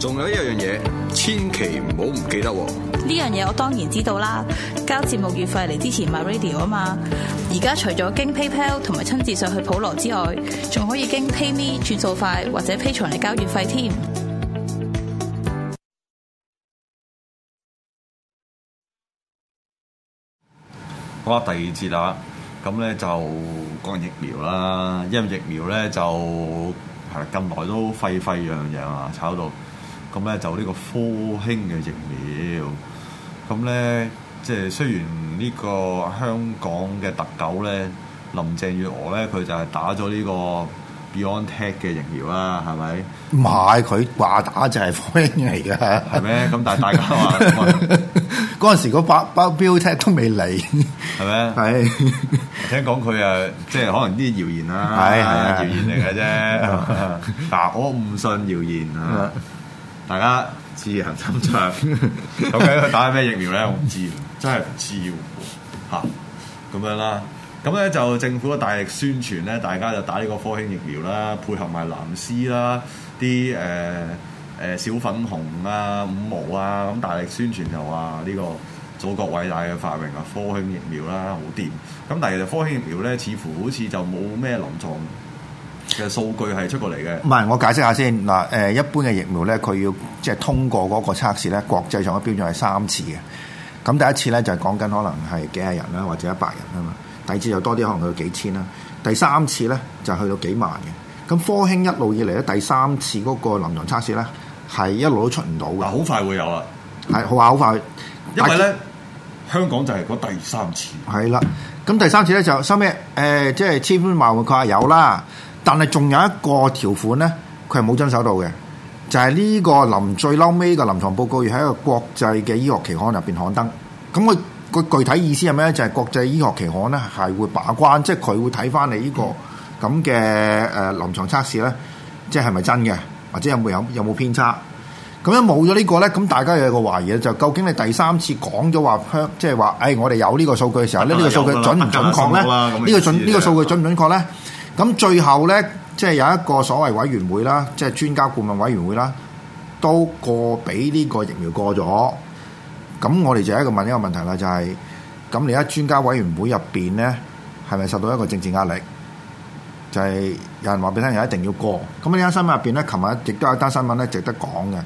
仲有一樣嘢，千祈唔好唔記得喎！呢樣嘢我當然知道啦，交節目月費嚟支持 MyRadio 啊嘛！而家除咗經 PayPal 同埋親自上去普羅之外，仲可以經 PayMe 轉數快或者 Patreon 嚟交月費添。好啦，第二節啦，咁咧就講疫苗啦，因為疫苗咧就係近來都沸沸揚揚啊，炒到～咁咧就呢個科興嘅疫苗，咁咧即係雖然呢個香港嘅特狗咧，林鄭月娥咧佢就係打咗呢個 Beyond Tech 嘅疫苗啦，係咪？唔係佢話打就係科興嚟㗎，係咩？咁但係大家話，嗰陣時嗰包包 Beyond Tech 都未嚟，係咪？係聽講佢誒，即係可能啲謠言啦，係係啊謠言嚟嘅啫。嗱我唔信謠言啊！大家自行斟酌。究竟佢打咩疫苗咧？我唔知，真係唔知喎、啊。嚇，咁樣啦。咁咧就政府嘅大力宣傳咧，大家就打呢個科興疫苗啦，配合埋藍絲啦，啲誒誒小粉紅啊、五毛啊，咁大力宣傳就話呢個祖國偉大嘅發明啊，科興疫苗啦，好掂。咁但係其實科興疫苗咧，似乎好似就冇咩臨牀。嘅數據係出過嚟嘅，唔係我解釋下先嗱。誒，一般嘅疫苗咧，佢要即係、就是、通過嗰個測試咧，國際上嘅標準係三次嘅。咁第一次咧就係、是、講緊可能係幾廿人啦，或者一百人啊嘛。第二次就多啲，可能去到幾千啦。第三次咧就去到幾萬嘅。咁科興一路以嚟咧，第三次嗰個臨床測試咧係一路都出唔到嘅。to 對好快會有啊，係好快，好快，因為咧香港就係嗰第三次。係啦，咁 mansion revol ion 第三次咧就收尾誒，即係千分萬個確係有啦。但係仲有一個條款咧，佢係冇遵守到嘅，就係呢個臨最嬲尾嘅臨床報告要喺一個國際嘅醫學期刊入邊刊登。咁佢個具體意思係咩咧？就係國際醫學期刊咧係會把關，即係佢會睇返你呢個咁嘅誒臨床測試咧，即係係咪真嘅，或者有冇有有冇偏差？咁樣冇咗呢個咧，咁大家有個懷疑就究竟你第三次講咗話香，即係話誒，我哋有呢個數據嘅時候咧，呢個數據準唔準確咧？呢個準呢個數據準唔準確咧？咁最後咧，即係有一個所謂委員會啦，即係專家顧問委員會啦，都過俾呢個疫苗過咗。咁我哋就一個問一個問題啦，就係咁而家專家委員會入邊咧，係咪受到一個政治壓力？就係有人話俾聽，人一定要過。咁呢單新聞入邊咧，琴日亦都有一單新聞咧，值得講嘅，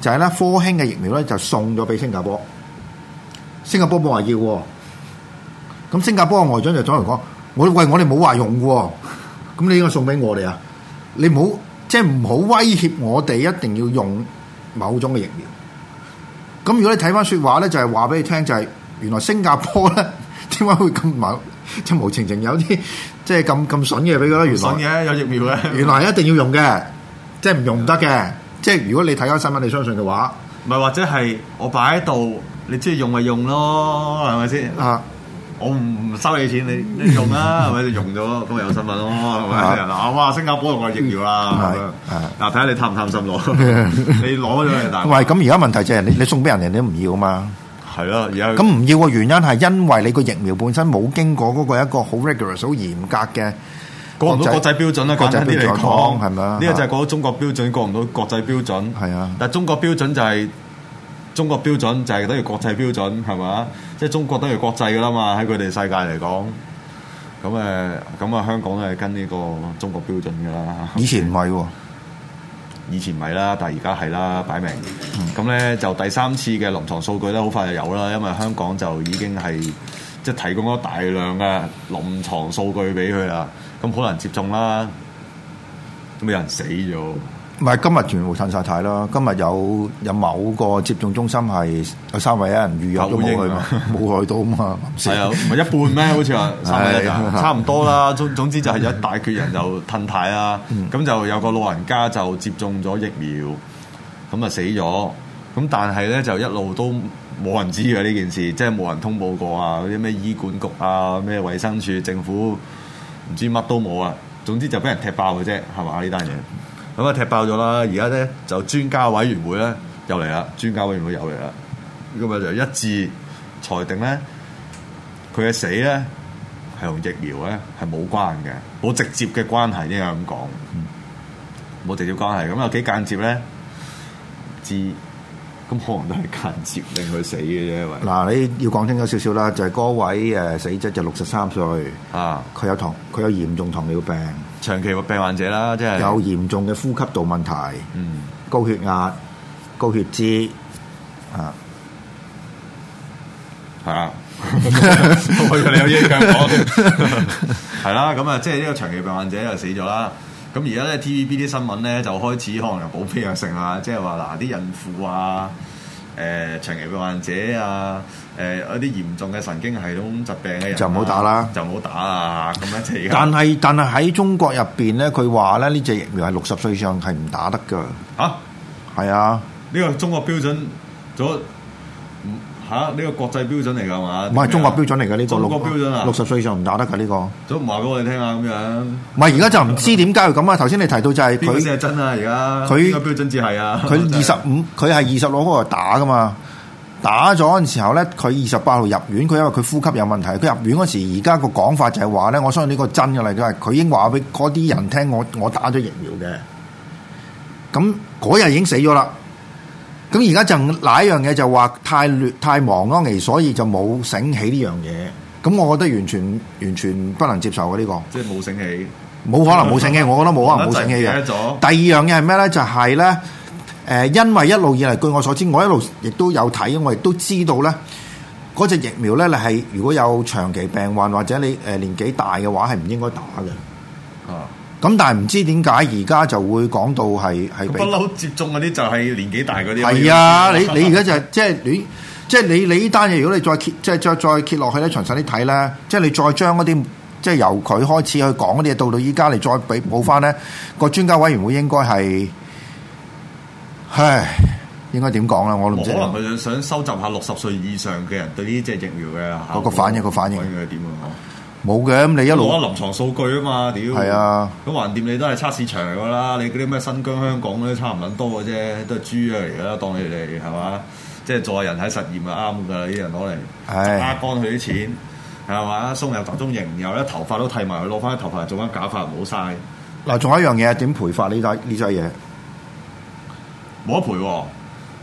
就係咧科興嘅疫苗咧就送咗俾新加坡，新加坡冇話要。咁新加坡嘅外長就坦然講。我喂，我哋冇話用嘅，哦，咁你應該送俾我哋啊！你唔好即係唔好威脅我哋一定要用某種嘅疫苗。咁如果你睇翻說話咧，就係話俾你聽，就是，就係原來新加坡咧，點解會咁冇即係冇情情，有啲即係咁咁損嘅俾佢啦。原來損嘢有疫苗嘅，原來一定要用嘅，即係唔用唔得嘅。即係如果你睇翻新聞，你相信嘅話，唔係或者係我擺喺度，你中意用咪用咯，係咪先啊？我唔唔收你錢，你用啊，係咪？你用咗咁有新聞咯，係咪？人啊，哇！新加坡用我疫苗啦，嗱，睇下你貪唔貪心攞，你攞咗嚟但唔係，咁而家問題就係你你送俾人，人哋都唔要嘛？係咯，而家咁唔要嘅原因係因為你個疫苗本身冇經過嗰個一個好 rigorous、好嚴格嘅，過唔到國際標準啦。簡單啲嚟講，係咪啊？呢個就係過到中國標準，過唔到國際標準。係啊，但中國標準就係。中國標準就係等於國際標準，係嘛？即係中國等於國際㗎啦嘛，喺佢哋世界嚟講。咁誒，咁啊香港係跟呢個中國標準㗎啦。以前唔係喎，以前唔係啦，但係而家係啦，擺明。咁咧就第三次嘅臨床數據咧，好快就有啦，因為香港就已經係即係提供咗大量嘅臨床數據俾佢啦。咁好多人接種啦，咁有人死咗。唔係今日全部褪晒太啦！今日有有某個接種中心係三位一人預約咗冇害到嘛？係啊， 唔係一半咩？好似話三位一差唔多啦。總 總之就係一大羣人就褪太啦。咁 就有個老人家就接種咗疫苗，咁啊死咗。咁但係咧就一路都冇人知嘅呢件事，即係冇人通報過啊！嗰啲咩醫管局啊、咩衞生署、政府唔知乜都冇啊。總之就俾人踢爆嘅啫，係嘛呢單嘢？咁啊，踢爆咗啦！而家咧就專家委員會咧又嚟啦，專家委員會又嚟啦，咁啊就一致裁定咧，佢嘅死咧係同疫苗咧係冇關嘅，冇直接嘅關係，應該咁講，冇、嗯、直接關係，咁有幾間接咧？至咁可能都係間接令佢死嘅啫。嗱，你要講清楚少少啦，就係嗰位誒死者就六十三歲，啊，佢有糖，佢有嚴重糖尿病，長期嘅病患者啦，即係有嚴重嘅呼吸道問題，嗯，高血壓、高血脂，啊，係啊，我以為你有嘢講，係啦，咁啊，即係呢個長期病患者又死咗啦。咁而家咧 TVB 啲新聞咧就開始可能有保庇藥性啊，即係話嗱啲孕婦啊、誒長期嘅患者啊、誒、呃、一啲嚴重嘅神經系統疾病嘅人、啊、就唔好打啦，就唔好打啊咁樣但係但係喺中國入邊咧，佢話咧呢隻疫苗係六十歲以上係唔打得㗎嚇，係啊，呢、啊、個中國標準咗。吓！呢個、啊、國際標準嚟噶嘛？唔係中國標準嚟噶呢個？中國標準啊！六十歲以上唔打得噶呢、這個？唔話俾我哋聽下咁樣。唔係而家就唔知點解要咁啊！頭先、啊、 你提到就係佢。先係真啊？而家佢標準字係啊！佢二十五，佢係二十六嗰度打噶嘛？打咗嗰陣時候咧，佢二十八號入院。佢因為佢呼吸有問題，佢入院嗰時，而家個講法就係話咧，我相信呢個真嘅嚟佢係佢已經話俾嗰啲人聽，我我打咗疫苗嘅。咁嗰日已經死咗啦。咁而家就哪一樣嘢就話太亂太忙咯，而所以就冇醒起呢樣嘢。咁我覺得完全完全不能接受嘅，呢個即係冇醒起，冇可能冇醒起，我覺得冇可能冇醒起嘅。第二樣嘢係咩咧？就係咧，誒，因為一路以嚟，據我所知，我一路亦都有睇，我亦都知道咧，嗰隻疫苗咧，你係如果有長期病患或者你誒年紀大嘅話，係唔應該打嘅。啊！咁但係唔知點解而家就會講到係，係不嬲接種嗰啲就係年紀大嗰啲，係啊！ 你你而家就即係你即係你你呢單嘢，如果你再揭即係再再揭落去咧，詳細啲睇咧，即係你再將嗰啲即係由佢開始去講嗰啲嘢，到到依家你再俾補翻咧，嗯、個專家委員會應該係唉，應該點講咧？我都唔知，可能佢想收集下六十歲以上嘅人對呢隻疫苗嘅嗰個反應，個反應點啊？應該冇嘅，咁你一路攞啲臨牀數據啊嘛，屌！係啊，咁橫掂你都係測試場噶啦，你嗰啲咩新疆、香港嗰啲差唔撚多嘅啫，都係豬啊而家，當你哋，係嘛？即係做下人體實驗就啊啱㗎，啲人攞嚟榨乾佢啲錢係嘛？送入集中營，然後咧頭髮都剃埋，攞翻啲頭髮做翻假髮，唔好嘥！嗱，仲有一樣嘢點賠法呢？單呢隻嘢冇得賠喎，啊。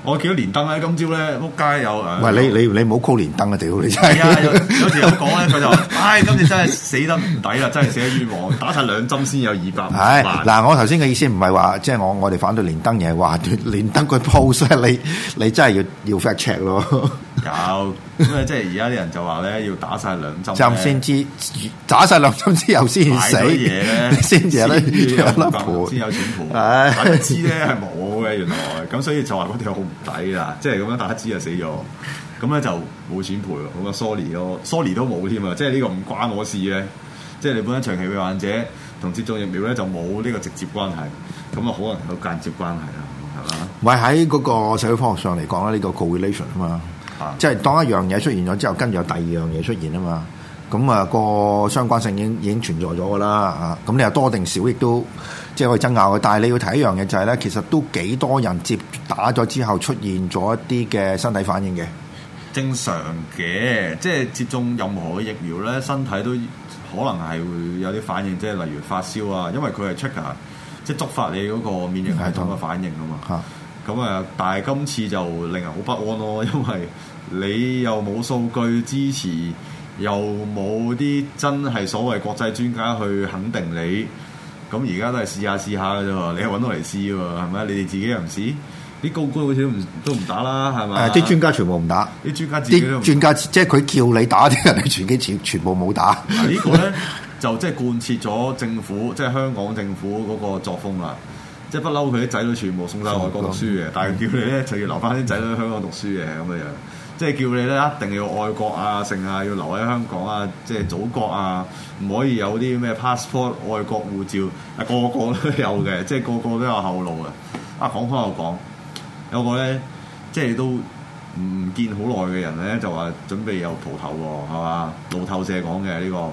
我見到連登咧，今朝咧屋街有唔係喂有你你你 call 連登啊！屌你！係啊，有有時有講咧，佢就，唉、 哎，今次真係死得唔抵啦，真係死得冤枉，打晒兩針先有二百萬嗱，我頭先嘅意思唔係話，即、就、係、是、我我哋反對連登，而係話連登佢 pose 你，你真係要要 fact check 咯。有咁啊，即係而家啲人就話咧，要打晒兩針，針先知，打晒兩針之後先死嘢咧，先至有老婆，先有老婆，哎、呀 但係知咧係冇。原來咁，所以就話嗰條好唔抵啊！即係咁樣，打一支就死咗，咁咧就冇錢賠。咁啊，sorry 咯，sorry 都冇添啊！即係呢個唔關我事嘅。即係你本身長期嘅患者同接種疫苗咧，就冇呢個直接關係。咁啊，可能有間接關係啦，係嘛？喂，喺嗰個社會科學上嚟講咧，呢個 correlation 啊嘛，啊即係當一樣嘢出現咗之後，跟住有第二樣嘢出現啊嘛。咁啊，個相關性已經已經存在咗噶啦。啊，咁你又多定少，亦都。即係爭拗嘅，但係你要睇一樣嘢就係、是、咧，其實都幾多人接打咗之後出現咗一啲嘅身體反應嘅。正常嘅，即係接種任何嘅疫苗咧，身體都可能係會有啲反應，即係例如發燒啊，因為佢係 trigger，即係觸發你嗰個免疫系統嘅反應啊嘛。嚇、嗯！咁啊，但係今次就令人好不安咯，因為你又冇數據支持，又冇啲真係所謂國際專家去肯定你。咁而家都係試下試下嘅啫喎，你揾到嚟試喎，係咪你哋自己又唔試？啲高官好似都唔都唔打啦，係咪？啊、啲專家全部唔打，啲專家自己都唔打……啲專家即係佢叫你打啲人，你全機全部冇打。啊這個、呢個咧， 就即係貫徹咗政府，即係香港政府嗰個作風啦。即係不嬲，佢啲仔女全部送曬外國讀書嘅，嗯、但係叫你咧、嗯、就要留翻啲仔女喺香港讀書嘅咁嘅樣。即係叫你咧，一定要愛國啊，剩啊，要留喺香港啊，即係祖國啊，唔可以有啲咩 passport 愛國護照，啊個個都有嘅，即係個個都有後路啊。啊講開又講，有個咧，即係都唔見好耐嘅人咧，就話準備有蒲頭喎，啊，係嘛？路透社講嘅呢個。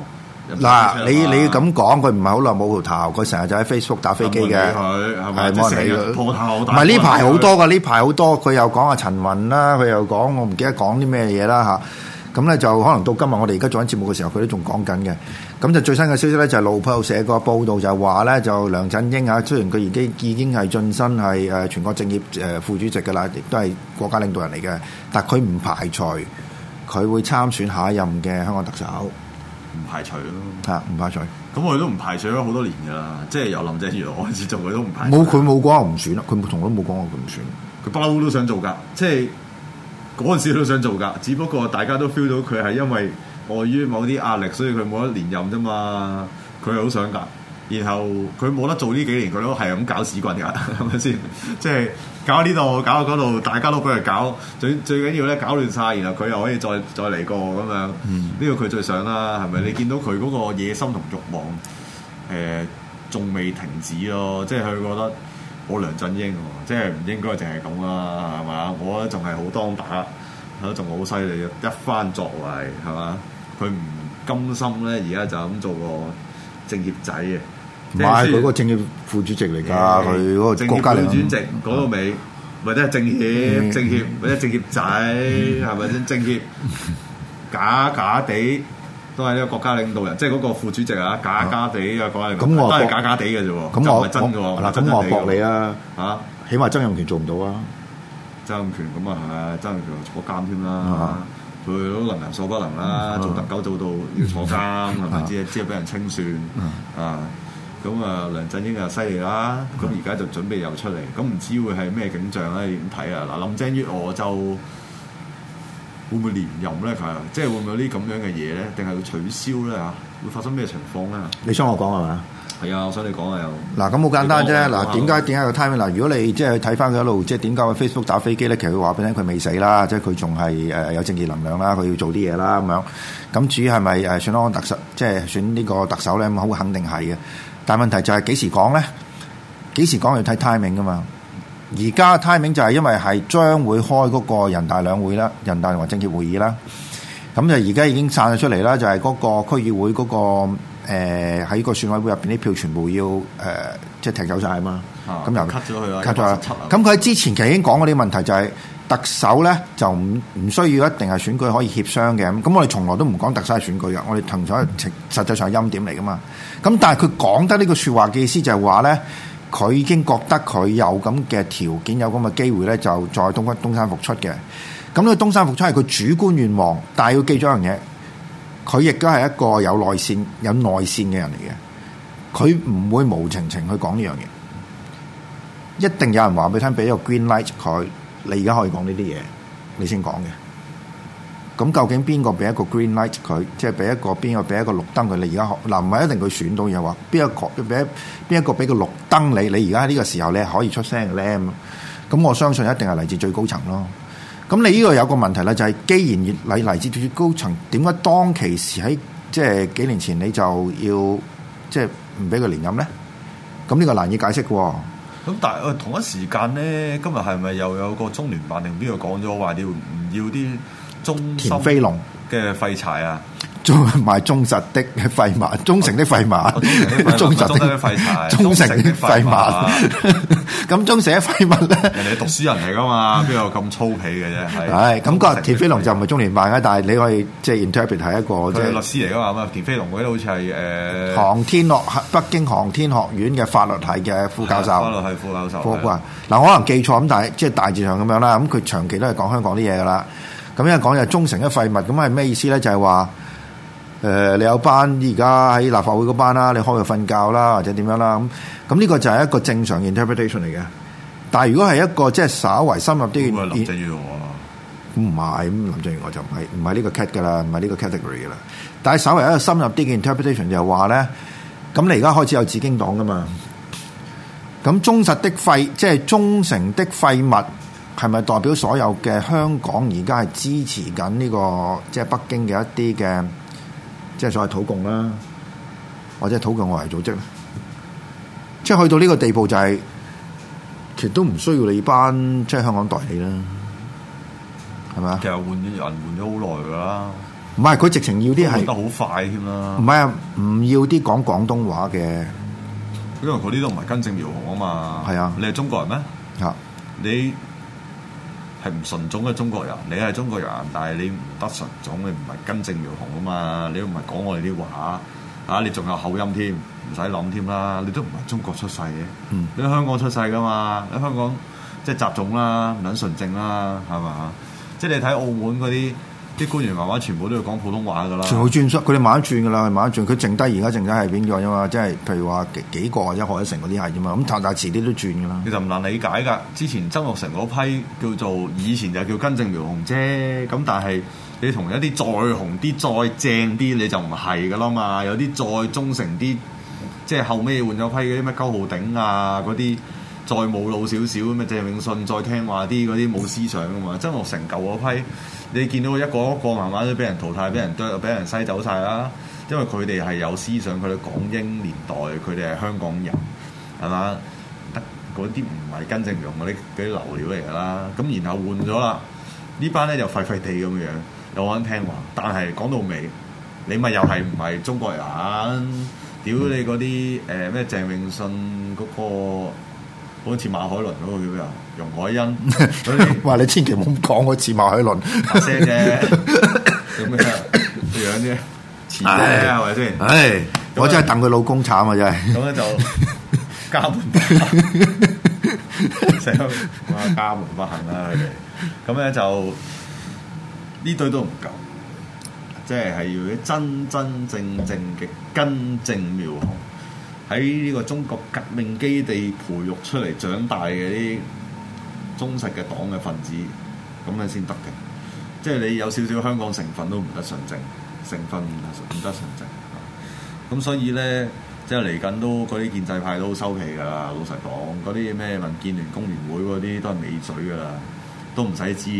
嗱，你你咁講，佢唔係好耐冇蒲頭，佢成日就喺 Facebook 打飛機嘅。係，冇人理佢。唔係呢排好多嘅，呢排好多。佢又講阿陳雲啦，佢又講我唔記得講啲咩嘢啦吓，咁咧就可能到今日，我哋而家做緊節目嘅時候，佢都仲講緊嘅。咁就最新嘅消息咧，就路透寫個報道就係話咧，就梁振英啊，雖然佢而家已經係晉身係誒全國政協誒副主席嘅啦，亦都係國家領導人嚟嘅，但佢唔排除佢會參選下一任嘅香港特首。唔排除咯，係啊，唔排除。咁我哋都唔排除咗好多年噶啦，即係由林鄭月娥開始做，佢都唔排除。冇，佢冇講我唔選啦，佢從來都冇講過佢唔選。佢不嬲都想做㗎，即係嗰陣時都想做㗎。只不過大家都 feel 到佢係因為礙於某啲壓力，所以佢冇得連任啫嘛。佢係好想㗎。然後佢冇得做呢幾年，佢都係咁搞屎棍㗎，係咪先？即 係搞呢度，搞嗰度，大家都俾佢搞。最最緊要咧，搞亂晒。然後佢又可以再再嚟過咁樣。呢、嗯、個佢最想啦，係咪？嗯、你見到佢嗰個野心同慾望誒，仲、呃、未停止咯？即係佢覺得我梁振英、啊，即係唔應該淨係咁啦，係嘛？我仲係好當打，仲好犀利一番作為，係嘛？佢唔甘心咧，而家就咁做個政協仔嘅。唔係佢嗰個政協副主席嚟㗎，佢嗰個國家副主席講到尾，或者係政協，政協或者政協仔，係咪先？政協假假地都係一個國家領導人，即係嗰個副主席啊，假假地又講嚟講，都係假假地嘅啫。咁就係真㗎嗱，咁我駁你啊！嚇，起碼曾蔭權做唔到啊！曾蔭權咁啊，係曾蔭權坐監添啦。佢都能人所不能啦，做特狗做到要坐監，係咪先？只係俾人清算啊！咁啊，梁振英又犀利啦，咁而家就準備又出嚟，咁唔知會係咩景象咧？點睇啊？嗱，林鄭月娥就會唔會連任咧？佢即係會唔會有啲咁樣嘅嘢咧？定係會取消咧嚇？會發生咩情況咧？你想我講係嘛？係啊，我想你講啊又。嗱，咁好簡單啫。嗱，點解點解個 time？嗱，如果你即係睇翻佢一路，即係點解 Facebook 打飛機咧？其實佢話俾你聽，佢未死啦，即係佢仲係誒有正義能量啦，佢要做啲嘢啦咁樣。咁至於係咪誒選安特首？即係選呢個特首咧？咁好肯定係嘅。但問題就係幾時講咧？幾時講要睇 timing 噶嘛？而家 timing 就係因為係將會開嗰個人大兩會啦，人大同埋政協會議啦。咁就而家已經散咗出嚟啦，就係嗰個區議會嗰、嗰個誒喺、呃、個選委會入邊啲票全部要誒即係踢走晒啊嘛。咁又 cut 咗佢，cut 咗。咁佢喺之前其實已經講嗰啲問題就係、是。特首咧就唔唔需要一定係選舉可以協商嘅咁，我哋從來都唔講特首係選舉嘅，我哋騰咗實實際上係欽點嚟噶嘛。咁但係佢講得呢個説話嘅意思就係話咧，佢已經覺得佢有咁嘅條件，有咁嘅機會咧，就再東東山復出嘅。咁呢個東山復出係佢主觀願望，但係要記咗一樣嘢，佢亦都係一個有內線有內線嘅人嚟嘅，佢唔會無情情去講呢樣嘢，一定有人話俾你聽，俾一個 green light 佢。你而家可以講呢啲嘢，你先講嘅。咁究竟邊個俾一個 green light 佢，即係俾一個邊個俾一個綠燈佢？你而家嗱唔係一定佢選到嘢話。邊一個俾一邊一個俾個綠燈你？你而家喺呢個時候你係可以出聲嘅，咁咁我相信一定係嚟自最高層咯。咁你呢個有個問題咧，就係、是、既然嚟嚟自最高層，點解當其時喺即係幾年前你就要即係唔俾佢連任咧？咁呢個難以解釋嘅。咁但係同一時間咧，今日係咪又有個中聯辦定邊度講咗話你要唔要啲田飛龍嘅廢柴啊？賣忠實的廢物，忠誠的廢物，忠實的廢物，忠誠的廢物。咁忠誠的廢物咧，人哋係讀書人嚟噶嘛，邊有咁粗鄙嘅啫？係。係咁，個田飛龍就唔係中聯辦啦，但係你可以即係 interpret 係一個。佢係律師嚟噶嘛？咁田飛龍嗰啲好似係誒……航天學北京航天學院嘅法律系嘅副教授。法律系副教授。嗱，可能記錯咁，但係即係大致上咁樣啦。咁佢長期都係講香港啲嘢噶啦。咁一講就忠誠的廢物，咁係咩意思咧？就係話。誒、呃，你有班而家喺立法會嗰班啦，你開佢瞓覺啦，或者點樣啦？咁咁呢個就係一個正常嘅 interpretation 嚟嘅。但係如果係一個即係稍為深入啲嘅，係唔係咁林鄭月娥就唔係唔係呢個 cat 噶啦，唔係呢個 category 噶啦。但係稍微一個深入啲嘅 interpretation 就係話咧，咁你而家開始有紫荊黨噶嘛？咁忠實的廢，即係忠誠的廢物，係咪代表所有嘅香港而家係支持緊呢、呢個即係北京嘅一啲嘅？即係所謂土共啦，或者土共外圍組織咧，即係去到呢個地步就係，其實都唔需要你班即係香港代理啦，係咪啊？其實換人換咗好耐噶啦，唔係佢直情要啲係得好快添啦，唔係啊，唔要啲講廣東話嘅，因為佢呢度唔係根正苗紅啊嘛，係啊，你係中國人咩？啊，你。係唔純種嘅中國人，你係中國人，但係你唔得純種，你唔係根正苗紅啊嘛！你都唔係講我哋啲話，啊！你仲有口音添，唔使諗添啦！你都唔係中國出世嘅，你喺香港出世噶嘛？喺香港即係雜種啦，唔撚純正啦，係嘛？即係你睇澳門嗰啲。啲官員慢慢全部都要講普通話噶啦，全部轉失，佢哋慢慢轉噶啦，慢慢轉，佢剩低而家剩低係邊個啫嘛？即係譬如話幾幾個或者何海成嗰啲係啫嘛，咁太大遲啲都轉噶啦。你就唔難理解㗎，之前曾鈺成嗰批叫做以前就叫根正苗紅啫，咁但係你同一啲再紅啲、再正啲，你就唔係㗎啦嘛。有啲再忠誠啲，即係後尾換咗批嗰啲咩高浩鼎啊嗰啲。再冇老少少咁啊！鄭永信再聽話啲嗰啲冇思想噶嘛，真係成舊嗰批，你見到一個一個慢慢都俾人淘汰，俾人對，俾人篩走晒啦。因為佢哋係有思想，佢哋港英年代，佢哋係香港人，係嘛？得嗰啲唔係根正苗啲嗰啲流料嚟噶啦。咁然後換咗啦，班呢班咧就廢廢地咁樣，有啲聽話，但係講到尾，你咪又係唔係中國人？屌你嗰啲誒咩鄭永信嗰、嗰個，好似馬海倫嗰個叫咩啊，容海恩。哇！你千祈唔好講似馬海倫，阿聲啫，咁嘅樣啫。係咪先？唉，我真係戥佢老公慘啊，真係。咁咧就家門不幸，成家 家門不幸啦。咁咧就呢對都唔夠，即係係要真真正正嘅根正苗紅。喺呢個中國革命基地培育出嚟、長大嘅啲忠實嘅黨嘅分子，咁樣先得嘅。即係你有少少香港成分都唔得純正，成分唔得純正，唔得純正。咁所以呢，即係嚟緊都嗰啲建制派都收皮㗎啦。老實講，嗰啲咩民建聯、工聯會嗰啲都係尾嘴㗎啦，都唔使知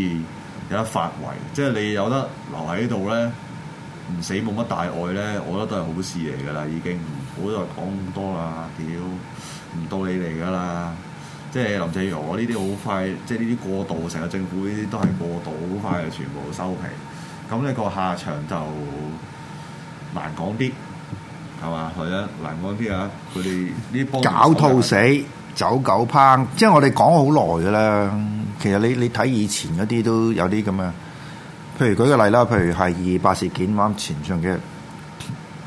有得發圍。即係你有得留喺度呢。唔死冇乜大礙咧，我覺得都係好事嚟噶啦，已經唔好再講咁多啦，屌唔到你嚟噶啦！即係林鄭月娥呢啲好快，即係呢啲過渡，成個政府呢啲都係過渡，好快就全部收皮。咁呢個下場就難講啲，係嘛？係啊，難講啲啊！佢哋呢幫搞兔死走狗烹，即係我哋講好耐噶啦。其實你你睇以前嗰啲都有啲咁啊。譬如舉個例啦，譬如係二八事件啱啱前上嘅，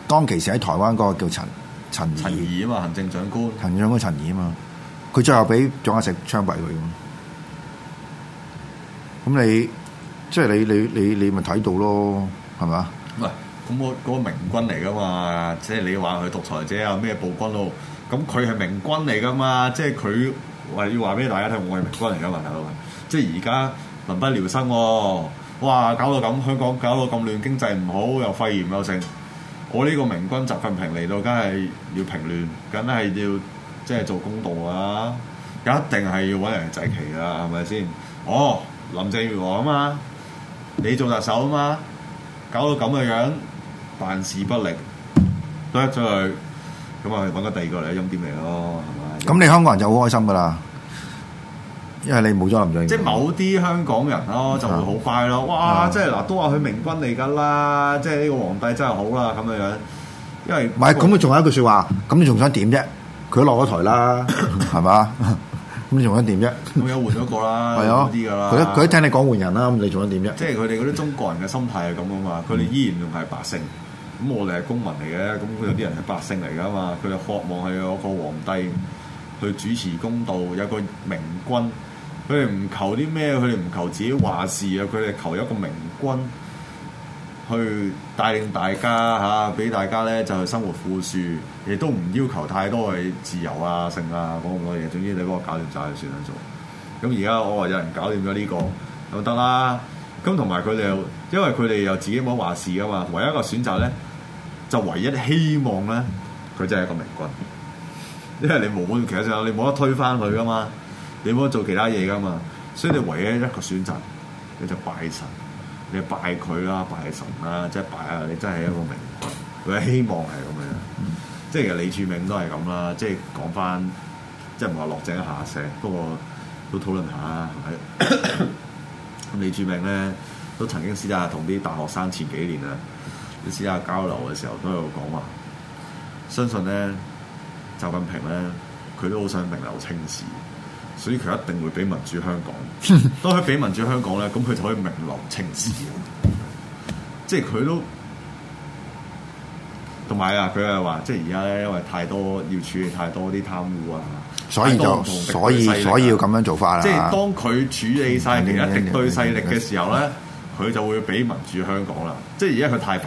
當其時喺台灣嗰個叫陳陳怡啊嘛，行政長官，行政長官陳怡啊嘛，佢最後俾蔣介石槍斃佢咁。咁你即係你你你你咪睇到咯，係咪啊？唔係，咁我嗰個明君嚟噶嘛，即係你話佢獨裁者啊咩暴君咯，咁佢係明君嚟噶嘛，即係佢話要話俾大家聽，我係明君嚟噶嘛大佬，即係而家民不聊生喎。哇！搞到咁，香港搞到咁亂，經濟唔好，又肺炎又剩。我呢個明君習近平嚟到，梗係要平亂，梗係要即係做公道啊！一定係要揾人祭旗啊，係咪先？哦，林鄭月娥啊嘛，你做特首啊嘛，搞到咁嘅樣，辦事不力，都一出去，咁啊揾個第二個嚟陰點嚟咯，係咪？咁你香港人就好開心噶啦！因為你冇咗林鄭，即係某啲香港人咯，就會好快咯。哇！即係嗱，都話佢明君嚟㗎啦，即係呢個皇帝真係好啦咁嘅樣。因為唔係咁佢仲有一句説話，咁你仲想點啫？佢落咗台啦，係嘛？咁你仲想點啫？咁有換咗個啦，多啲㗎啦。佢佢聽你講換人啦，咁你仲想點啫？即係佢哋嗰啲中國人嘅心態係咁啊嘛。佢哋依然仲係百姓，咁我哋係公民嚟嘅。咁有啲人係百姓嚟㗎嘛。佢就渴望係有個皇帝去主持公道，有個明君。佢哋唔求啲咩，佢哋唔求自己話事啊！佢哋求一個明君去帶領大家嚇，俾、啊、大家咧就去生活富庶，亦都唔要求太多嘅自由啊、性啊講咁多嘢。總之你幫我搞掂晒就算啦做。咁而家我話有人搞掂咗呢個，咁得啦。咁同埋佢哋，又，因為佢哋又自己冇話事噶嘛，唯一一個選擇咧，就唯一希望咧，佢真係一個明君。因為你冇，其實就你冇得推翻佢噶嘛。你冇得做其他嘢㗎嘛，所以你唯一一個選擇，你就拜神，你拜佢啦，拜神啦，即係拜啊！你真係一個名，佢嘅希望係咁嘅，即係其實李柱銘都係咁啦。即係講翻，即係唔係話落井下石，不過都討論下係咪？咁 李柱銘咧都曾經試下同啲大學生前幾年啊，你試下交流嘅時候都有講話，相信咧習近平咧，佢都好想名留青史。所以佢一定會俾民主香港。當佢俾民主香港咧，咁佢就可以名留青史。即係佢都同埋啊！佢係話，即係而家咧，因為太多要處理太多啲貪污啊，所以就所以所以要咁樣做法啦。即係當佢處理晒其一啲敵對勢力嘅時候咧，佢就會俾民主香港啦。啊、即係而家佢太煩，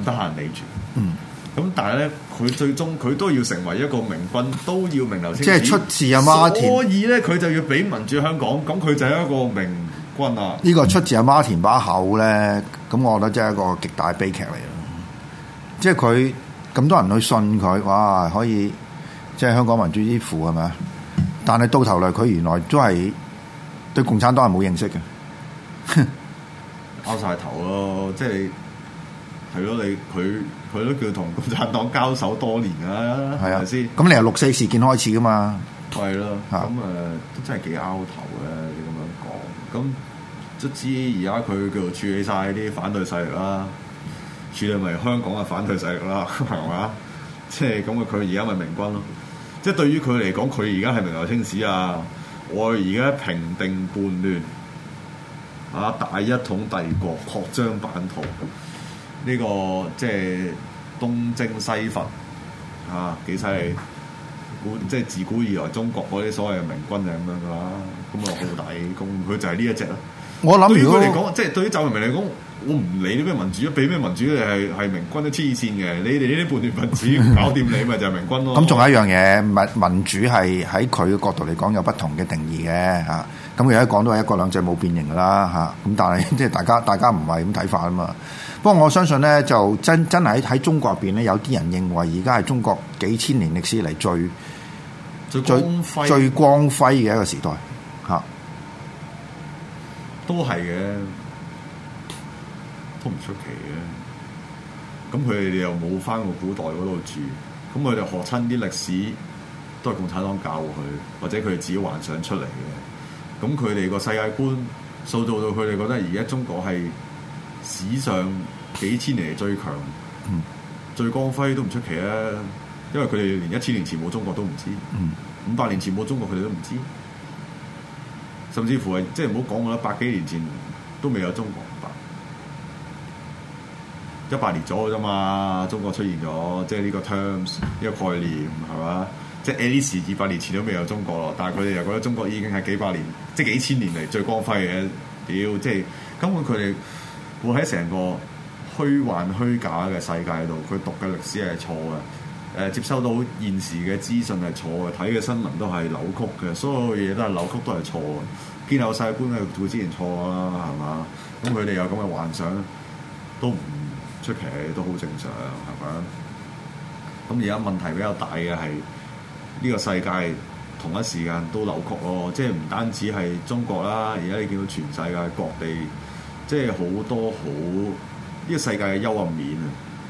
唔得閒理住。嗯咁但係咧，佢最終佢都要成為一個明君，都要名流青史。即係出自阿馬田，所以咧，佢就要俾民主香港，咁佢就係一個明君啊！呢個出自阿馬田把口咧，咁我覺得真係一個極大悲劇嚟咯。即係佢咁多人去信佢，哇！可以，即係香港民主之父係咪啊？但係到頭嚟，佢原來都係對共產黨係冇認識嘅。拗 晒頭咯，即係。係咯，你佢佢都叫同共產黨交手多年啦，係咪先？咁你由六四事件開始㗎嘛？係咯，咁都真係幾拗頭嘅，你咁樣講。咁卒之而家佢叫處理晒啲反對勢力啦，處理埋香港嘅反對勢力啦，係 嘛？即係咁啊！佢而家咪明君咯，即係對於佢嚟講，佢而家係名留青史啊！我而家平定叛亂，啊大一統帝國擴張版圖。呢、這個即係東征西伐嚇，幾犀利，即係自古以來中國嗰啲所謂明君大大就係咁樣噶啦，咁啊好抵。咁佢就係呢一隻咯。我諗如果嚟講，即係對於就人民嚟講，我唔理呢咩民主，俾咩民主係係明君都黐線嘅。你哋呢啲叛亂分子搞掂你，咪 就係明君咯。咁仲有一樣嘢，民主係喺佢嘅角度嚟講有不同嘅定義嘅嚇。咁佢而家講都係一國兩制冇變形噶啦嚇。咁、啊嗯、但係即係大家大家唔係咁睇法啊嘛。不過我相信咧，就真真係喺中國入邊咧，有啲人認為而家係中國幾千年歷史嚟最最最光輝嘅一個時代，吓都係嘅，都唔出奇嘅。咁佢哋又冇翻個古代嗰度住，咁佢哋學親啲歷史都係共產黨教佢，或者佢哋自己幻想出嚟嘅。咁佢哋個世界觀塑造到佢哋覺得而家中國係。史上幾千年嚟最強，嗯、最光輝都唔出奇啊！因為佢哋連一千年前冇中國都唔知，五百、嗯、年前冇中國佢哋都唔知，甚至乎係即係唔好講我啦，百幾年前都未有中國。一百年左右啫嘛，中國出現咗，即係呢個 terms 呢個概念係嘛？即係 At least 二百年前都未有中國咯，但係佢哋又覺得中國已經係幾百年，即係幾千年嚟最光輝嘅，屌！即係根本佢哋。會喺成個虛幻虛假嘅世界度，佢讀嘅歷史係錯嘅，誒、呃、接收到現時嘅資訊係錯嘅，睇嘅新聞都係扭曲嘅，所有嘢都係扭曲都，都係錯嘅。見陋世觀咧，之前錯啦，係嘛？咁佢哋有咁嘅幻想，都唔出奇，都好正常，係咪？咁而家問題比較大嘅係呢個世界同一時間都扭曲咯，即係唔單止係中國啦，而家你見到全世界各地。即係好多好呢、這個世界嘅幽暗面啊，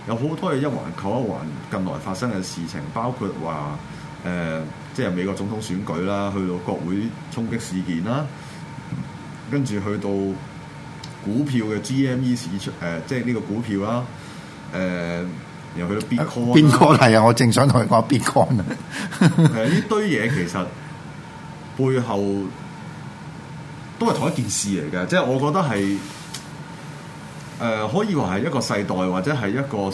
有好多嘅一環扣一環，近來發生嘅事情，包括話誒、呃，即係美國總統選舉啦，去到國會衝擊事件啦，跟住去到股票嘅 GME 市出誒、呃，即係呢個股票啦，誒、呃，然後去到 Bitcoin，Bitcoin 係啊，啊我正想同你講 Bitcoin 啊，呢堆嘢其實背後都係同一件事嚟嘅，即係我覺得係。誒、呃、可以話係一個世代，或者係一個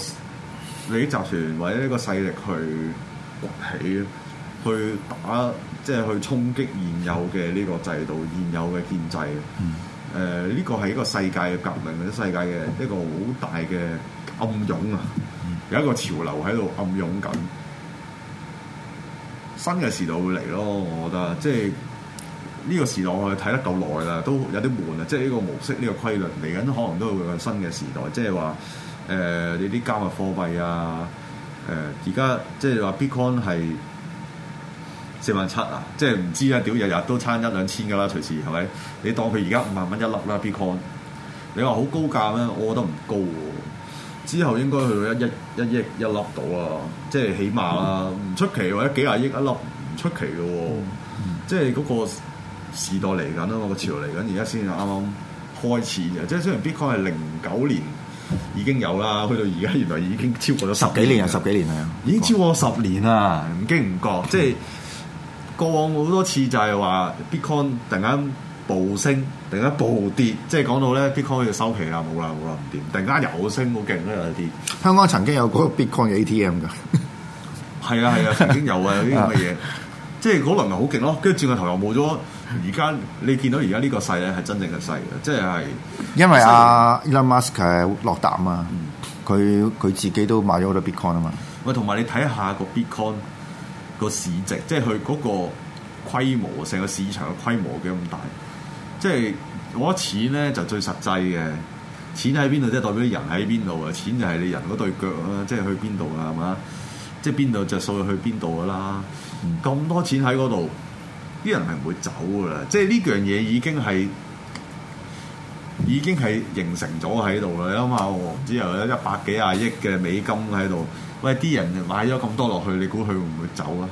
利益集團或者一個勢力去崛起，去打即係去衝擊現有嘅呢個制度、現有嘅建制。誒呢個係一個世界嘅革命，或者世界嘅一個好大嘅暗湧啊！有一個潮流喺度暗湧緊，新嘅時代會嚟咯。我覺得即係。呢個時代我哋睇得夠耐啦，都有啲悶啊！即係呢個模式、呢個規律嚟緊，可能都會有新嘅時代。即係話誒，你啲加密貨幣啊，誒而家即係話 Bitcoin 係四萬七啊！即係唔知啊，屌日日都差一兩千㗎啦，隨時係咪？你當佢而家五萬蚊一粒啦，Bitcoin。Coin，你話好高價咧，我覺得唔高喎、啊。之後應該去到一億一億一粒到啦，即係起碼啦，唔出奇或者幾廿億一粒唔出奇嘅喎、啊，即係嗰個。時代嚟緊啦，個潮流嚟緊，而家先至啱啱開始嘅，即係雖然 Bitcoin 係零九年已經有啦，去到而家原來已經超過咗十幾年啊！十幾年啊！已經超過十年啦，嗯，唔經唔覺。即係過往好多次就係話 Bitcoin 突然間暴升，突然間暴跌，即係講到咧 Bitcoin 要收皮啦，冇啦冇啦，唔掂。突然間又升好勁，都有啲。香港曾經有個 Bitcoin 嘅 ATM 嘅，係啊係啊，曾經有啊啲咁嘅嘢。 即係嗰輪咪好勁咯，跟住轉個頭又冇咗。而家你見到而家呢個勢咧係真正嘅勢嘅，即係因為阿、啊、人 Elon Musk 係落膽啊，佢佢、嗯、自己都買咗好多 Bitcoin 啊嘛。我同埋你睇下個 Bitcoin 個市值，即係佢嗰個規模，成個市場嘅規模幾咁大。即係攞錢咧就最實際嘅，錢喺邊度即係代表人喺邊度啊！錢就係你人嗰對腳啊，即係去邊度啊嘛？即係邊度著數去邊度噶啦？咁多錢喺嗰度，啲人係唔會走噶啦。即係呢樣嘢已經係已經係形成咗喺度啦。諗下我唔知又有一百幾廿億嘅美金喺度，喂啲人買咗咁多落去，你估佢會唔會走啊？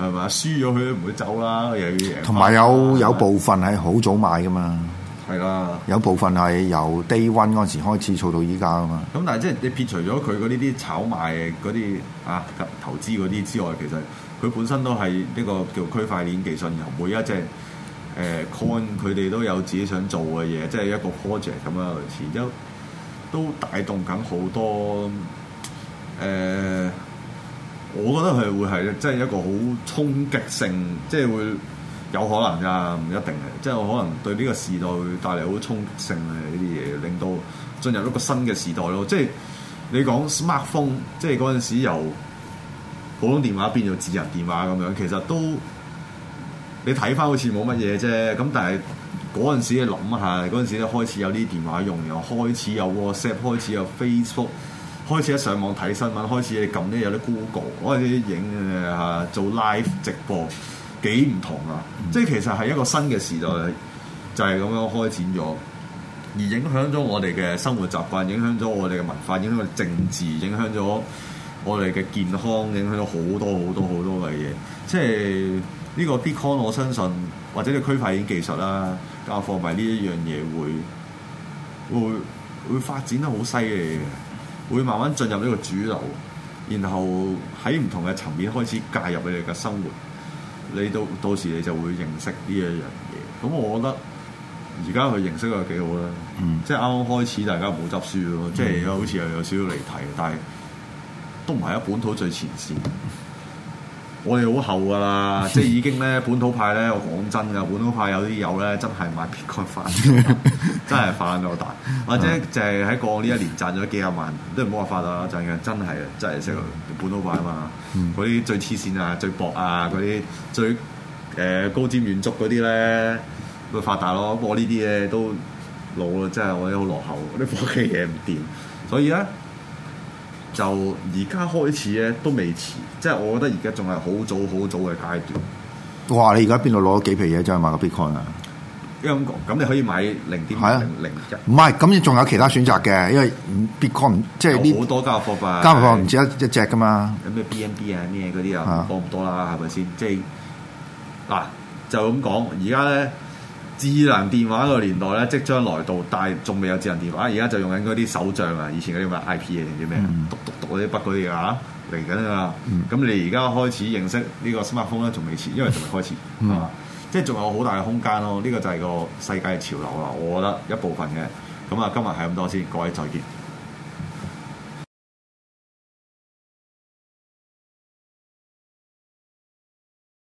係咪啊？輸咗佢唔會走啦，又要贏。同埋有有部分係好早買噶嘛，係啦，有部分係的由低溫嗰時開始做到依家噶嘛。咁但係即係你撇除咗佢嗰呢啲炒賣嗰啲啊投資嗰啲之外，其實。佢本身都係呢個叫區塊鏈技術，由每一隻誒 coin，佢哋都有自己想做嘅嘢，即係一個 project 咁樣，類似，都都帶動緊好多誒、呃。我覺得佢會係即係一個好衝擊性，即係會有可能㗎，唔一定係，即係可能對呢個時代帶嚟好衝擊性嘅呢啲嘢，令到進入一個新嘅時代咯。即係你講 smartphone，即係嗰陣時由。普通電話變做智能電話咁樣，其實都你睇翻好似冇乜嘢啫。咁但係嗰陣你諗下，嗰陣時開始有啲電話用，又開始有 WhatsApp，開始有 Facebook，開始一上網睇新聞，開始你撳咧有啲 Google，開始影啊做 live 直播，幾唔同啊！即係其實係一個新嘅時代，就係咁樣開展咗，而影響咗我哋嘅生活習慣，影響咗我哋嘅文化，影響咗政治，影響咗。我哋嘅健康影響到好多好多好多嘅嘢，即係呢個 Bitcoin，我相信或者個區塊鏈技術啦，加密貨幣呢一樣嘢，會會會發展得好犀利嘅，會慢慢進入呢個主流，然後喺唔同嘅層面開始介入你哋嘅生活。你到到時你就會認識呢一樣嘢，咁我覺得而家去認識又幾好啦，嗯、即係啱啱開始大家唔、嗯、好執輸咯，即係好似又有少少離題，但係，都唔係喺本土最前線，我哋好後噶啦， 即係已經咧本土派咧，我講真噶，本土派有啲友咧真係買偏翻，真係反到大， 或者就係喺過呢一年賺咗幾廿萬，都唔好話發達賺嘅，真係啊，真係識本土派啊嘛，嗰啲 最黐線啊、最薄啊、嗰啲最誒、呃、高瞻遠矚嗰啲咧，都發達咯。不過呢啲咧都老啊，真係我覺得好落後，啲科技嘢唔掂，所以咧。就而家開始咧都未遲，即係我覺得而家仲係好早好早嘅階段。哇！你而家邊度攞咗幾皮嘢真係買個 Bitcoin 啊？即係咁講，咁你可以買零點零零一。唔係、啊，咁你仲有其他選擇嘅，因為 Bitcoin 即係好多加密貨幣。加貨唔止一，對一隻噶嘛？有咩 BNB 啊咩嗰啲啊，講唔、啊、多啦，係咪先？即係嗱、啊，就咁講，而家咧。智能電話個年代咧即將來到，但係仲未有智能電話，而家就用緊嗰啲手杖啊，以前嗰啲嘅 IP 嘅定啲咩，讀讀讀嗰啲筆嗰啲啊嚟緊啊，咁、mm. 你而家開始認識呢、這個 smartphone 咧，仲未遲，因為仲未開始，係嘛、mm.，即係仲有好大嘅空間咯。呢、這個就係個世界潮流啦，我覺得一部分嘅。咁啊，今日係咁多先，各位再見。